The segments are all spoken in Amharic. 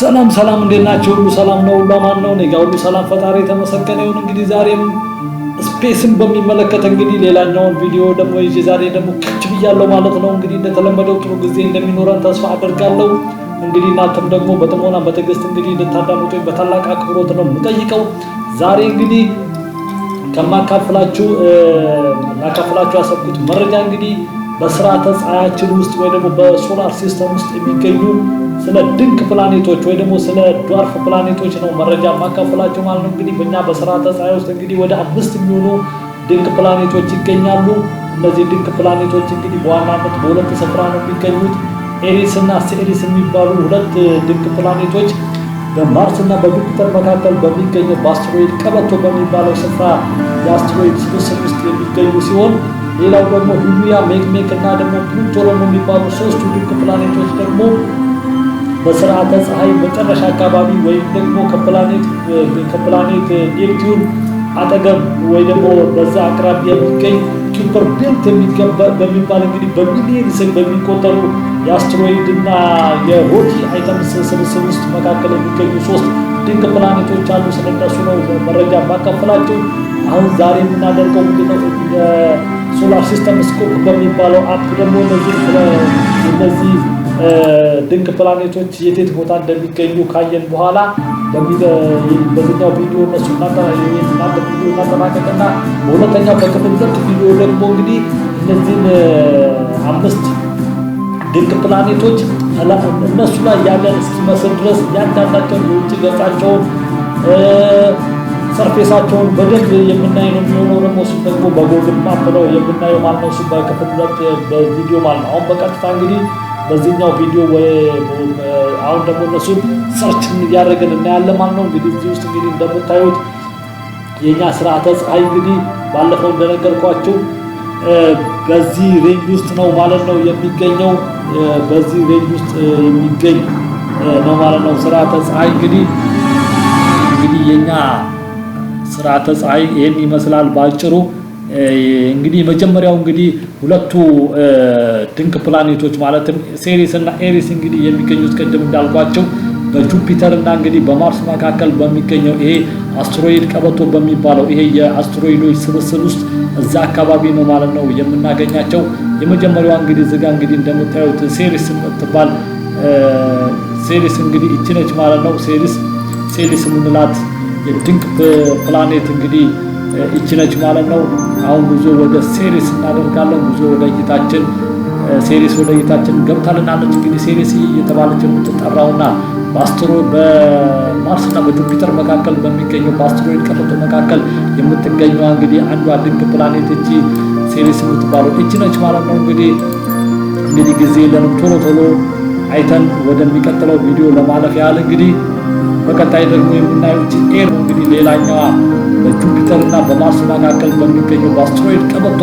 ሰላም ሰላም፣ እንዴት ናቸው? ሁሉ ሰላም ነው፣ ሁሉ አማን ነው። እኔ ጋር ሁሉ ሰላም፣ ፈጣሪ የተመሰገነ ይሁን። እንግዲህ ዛሬም ስፔስን በሚመለከት እንግዲህ ሌላኛውን ቪዲዮ ደግሞ ይዤ ዛሬ ደግሞ ከች ብያለሁ ማለት ነው። እንግዲህ እንደተለመደው ጥሩ ጊዜ እንደሚኖረን ተስፋ አደርጋለሁ። እንግዲህ እናንተም ደግሞ በጥሞና በትዕግስት እንግዲህ እንድታዳምጡ በታላቅ አክብሮት ነው የምጠይቀው። ዛሬ እንግዲህ ከማካፍላችሁ ላካፍላችሁ ያሰብኩት መረጃ እንግዲህ በስርዓተ ፀሐያችን ውስጥ ወይ ደግሞ በሶላር ሲስተም ውስጥ የሚገኙ ስለ ድንክ ፕላኔቶች ወይ ደግሞ ስለ ዷርፍ ፕላኔቶች ነው መረጃ ማካፈላቸው ማለት ነው። እንግዲህ በእኛ በስርዓተ ፀሐይ ውስጥ እንግዲህ ወደ አምስት የሚሆኑ ድንቅ ፕላኔቶች ይገኛሉ። እነዚህ ድንቅ ፕላኔቶች እንግዲህ በዋናነት በሁለት ስፍራ ነው የሚገኙት። ኤሪስ እና ሴሪስ የሚባሉ ሁለት ድንቅ ፕላኔቶች በማርስ እና በጁፒተር መካከል በሚገኘው በአስትሮይድ ቀበቶ በሚባለው ስፍራ የአስትሮይድ ስብስብ ውስጥ የሚገኙ ሲሆን ሌላው ደግሞ ሂዩያ ሜክሜክ እና ደግሞ ፕሉቶን የሚባሉ ሶስቱ ድንቅ ፕላኔቶች ደግሞ በስርዓተ ፀሐይ መጨረሻ አካባቢ ወይም ደግሞ ከፕላኔት ከፕላኔት ኔፕቲዩን አጠገብ ወይ ደግሞ በዛ አቅራቢያ የሚገኝ ኪውፐር ቤልት በሚባል እንግዲህ በሚሊየን በሚቆጠሩ የአስትሮይድ እና የሮኪ አይተምስ ስብስብ ውስጥ መካከል የሚገኙ ሶስት ድንቅ ፕላኔቶች አሉ። ስለነሱ ነው መረጃ ማካፈላቸው። አሁን ዛሬ የምናደርገው ምንድነው? ሶላር ሲስተም ስኮፕ በሚባለው አፕ ደግሞ እነዚህ እነዚህ ድንቅ ፕላኔቶች የቴት ቦታ እንደሚገኙ ካየን በኋላ በዚኛው ቪዲዮ እነሱ ቪዲዮ እናጠናቀቅና በሁለተኛው በክፍል ዘጥ ቪዲዮ ደግሞ እንግዲህ እነዚህን አምስት ድንቅ ፕላኔቶች እነሱ ላይ ያለን እስኪመስል ድረስ እያንዳንዳቸውን የውጭ ገጻቸውን ሰርፌሳቸውን በደንብ የምናይ ነው የሚሆነው። ደግሞ እሱ ደግሞ በጎግል ማፕ ነው የምናየው ማለት ነው። እሱ በክፍል ሁለት በቪዲዮ ማለት ነው። አሁን በቀጥታ እንግዲህ በዚህኛው ቪዲዮ አሁን ደግሞ እነሱን ሰርች እያደረግን እናያለን ማለት ነው። እንግዲህ እዚህ ውስጥ እንግዲህ እንደምታዩት የእኛ ስርዓተ ፀሐይ እንግዲህ ባለፈው እንደነገርኳቸው በዚህ ሬንጅ ውስጥ ነው ማለት ነው የሚገኘው። በዚህ ሬንጅ ውስጥ የሚገኝ ነው ማለት ነው ስርዓተ ፀሐይ እንግዲህ እንግዲህ የእኛ ስርዓተ ፀሐይ ይህን ይመስላል ባጭሩ። እንግዲህ መጀመሪያው እንግዲህ ሁለቱ ድንክ ፕላኔቶች ማለትም ሴሪስ እና ኤሪስ እንግዲህ የሚገኙት ቅድም እንዳልኳቸው በጁፒተር እና እንግዲህ በማርስ መካከል በሚገኘው ይሄ አስትሮይድ ቀበቶ በሚባለው ይሄ የአስትሮይዶች ስብስብ ውስጥ እዛ አካባቢ ነው ማለት ነው የምናገኛቸው። የመጀመሪያዋ እንግዲህ ዝጋ እንግዲህ እንደምታዩት ሴሪስ የምትባል ሴሪስ እንግዲህ እችነች ማለት ነው። ሴሪስ ሴሪስ የምንላት የድንክ ፕላኔት እንግዲህ ይችነች ማለት ነው። አሁን ጉዞ ወደ ሴሪስ እናደርጋለን። ጉዞ ወደ እይታችን ሴሪስ ወደ እይታችን ገብታልናለች። እንግዲህ ሴሪስ እየተባለች የምትጠራውና በአስትሮ በማርስና በጁፒተር መካከል በሚገኘው በአስትሮይድ ቀበቶ መካከል የምትገኘዋ እንግዲህ አንዷ ድንቅ ፕላኔት እቺ ሴሪስ የምትባለው እቺ ነች ማለት ነው። እንግዲህ እንግዲህ ጊዜ ለንም ቶሎ ቶሎ አይተን ወደሚቀጥለው ቪዲዮ ለማለፍ ያህል እንግዲህ በቀጣይ ደግሞ የምናየው ቲኤር እንግዲህ ሌላኛዋ በጁፒተር እና በማርስ መካከል በሚገኘው በአስትሮይድ ቀበቶ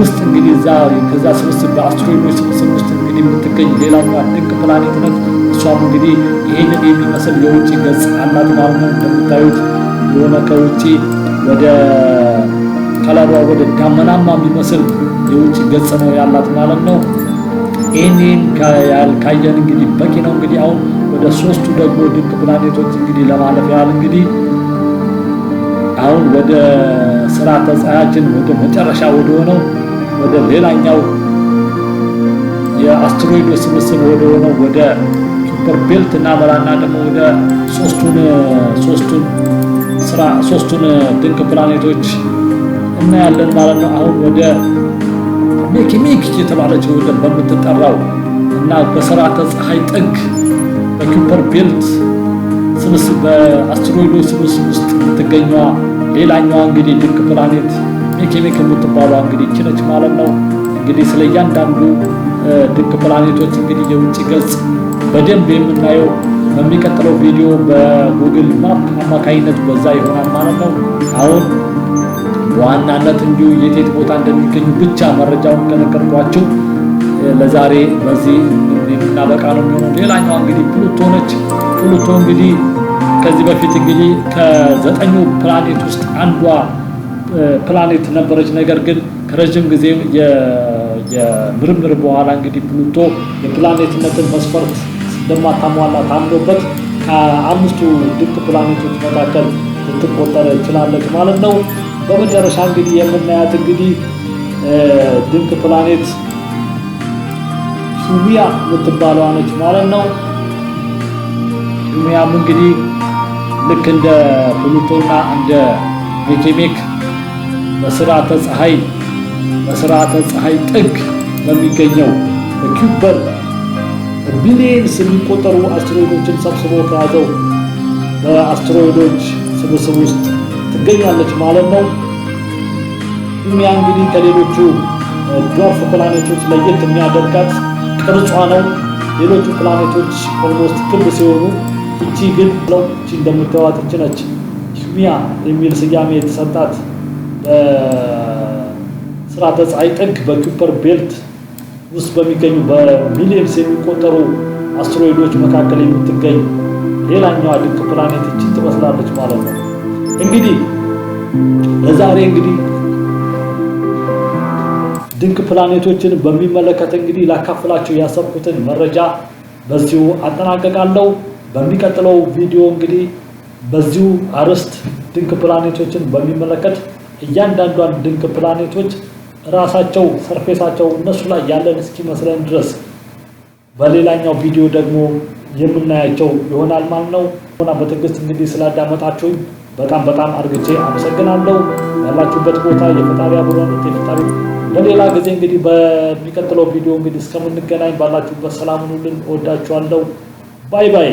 ውስጥ እንግዲህ እዛ ከዛ ስብስብ በአስትሮይዶች ስብስብ ውስጥ እንግዲህ የምትገኝ ሌላኛዋ ድንቅ ፕላኔት ነች እሷም እንግዲህ ይሄንን የሚመስል የውጭ ገጽ አናት ማለት ነው። እንደምታዩት የሆነ ከውጭ ወደ ከለሯ ወደ ዳመናማ የሚመስል የውጭ ገጽ ነው ያላት ማለት ነው። ይህን ካየን እንግዲህ በቂ ነው እንግዲህ አሁን ወደ ሶስቱ ደግሞ ድንቅ ፕላኔቶች እንግዲህ ለማለፍ ያህል እንግዲህ አሁን ወደ ስርዓተ ፀሐያችን ወደ መጨረሻ ወደ ሆነው ወደ ሌላኛው የአስትሮይዶች ስብስብ ወደ ሆነው ወደ ሱፐር ቤልት እናመራና ደግሞ ወደ ሶስቱን ሶስቱን ስራ ሶስቱን ድንቅ ፕላኔቶች እናያለን ማለት ነው። አሁን ወደ ሜኪ ሜክ እየተባለች ወደ በምትጠራው እና በስርዓተ ፀሐይ ጥግ በኪፐር ቤልት ስብስብ በአስትሮይዶች ስብስብ ውስጥ የምትገኘዋ ሌላኛዋ እንግዲህ ድንቅ ፕላኔት ሜኬሜክ የምትባሏ እንግዲህ ችነች ማለት ነው። እንግዲህ ስለ እያንዳንዱ ድንክ ፕላኔቶች እንግዲህ የውጭ ገጽ በደንብ የምናየው በሚቀጥለው ቪዲዮ በጉግል ማፕ አማካኝነት በዛ ይሆናል ማለት ነው። አሁን በዋናነት እንዲሁ የቴት ቦታ እንደሚገኙ ብቻ መረጃውን ከነገርኳችሁ ለዛሬ በዚህ እናበቃ ነው የሚሆነው። ሌላኛዋ እንግዲህ ፕሉቶ ነች። ፕሉቶ እንግዲህ ከዚህ በፊት እንግዲህ ከዘጠኙ ፕላኔት ውስጥ አንዷ ፕላኔት ነበረች። ነገር ግን ከረዥም ጊዜ የምርምር በኋላ እንግዲህ ፕሉቶ የፕላኔትነትን መስፈርት እንደማታሟላ ታምኖበት ከአምስቱ ድንቅ ፕላኔቶች መካከል ልትቆጠር ችላለች ማለት ነው። በመጨረሻ እንግዲህ የምናያት እንግዲህ ድንቅ ፕላኔት ሹሚያ የምትባለዋ ነች ማለት ነው። ሹሚያም እንግዲህ ልክ እንደ ፕሉቶና እንደ ሜኬሜክ በስርዓተ ፀሐይ በስርዓተ ፀሐይ ጥግ በሚገኘው በኪውበር ቢሊየንስ የሚቆጠሩ አስትሮይዶችን ሰብስቦ ከያዘው በአስትሮይዶች ስብስብ ውስጥ ትገኛለች ማለት ነው። ሹሚያ እንግዲህ ከሌሎቹ ዶርፍ ፕላኔቶች ለየት የሚያደርጋት ቅርጿ ነው። ሌሎቹ ፕላኔቶች ኦልሞስት ክብ ሲሆኑ እቺ ግን ለው እቺ እንደምትዋት እቺ ነች ሽሚያ የሚል ስያሜ የተሰጣት ስርዓተ ፀሐይ ጥግ በኩፐር ቤልት ውስጥ በሚገኙ በሚሊየንስ የሚቆጠሩ አስትሮይዶች መካከል የምትገኝ ሌላኛዋ ድንቅ ፕላኔት እቺ ትመስላለች ማለት ነው። እንግዲህ ለዛሬ እንግዲህ ድንቅ ፕላኔቶችን በሚመለከት እንግዲህ ላካፍላችሁ ያሰብኩትን መረጃ በዚሁ አጠናቀቃለሁ። በሚቀጥለው ቪዲዮ እንግዲህ በዚሁ አርዕስት ድንቅ ፕላኔቶችን በሚመለከት እያንዳንዷን ድንቅ ፕላኔቶች ራሳቸው ሰርፌሳቸው እነሱ ላይ ያለን እስኪመስለን ድረስ በሌላኛው ቪዲዮ ደግሞ የምናያቸው ይሆናል ማለት ነው። ሆና በትዕግስት እንግዲህ ስላዳመጣችሁኝ በጣም በጣም አድርግቼ አመሰግናለሁ። ያላችሁበት ቦታ የፈጣሪ አብሮነት የፈጣሪ በሌላ ጊዜ እንግዲህ በሚቀጥለው ቪዲዮ እንግዲህ እስከምንገናኝ ባላችሁበት ሰላም ሁኑልን። እወዳችኋለሁ። ባይ ባይ።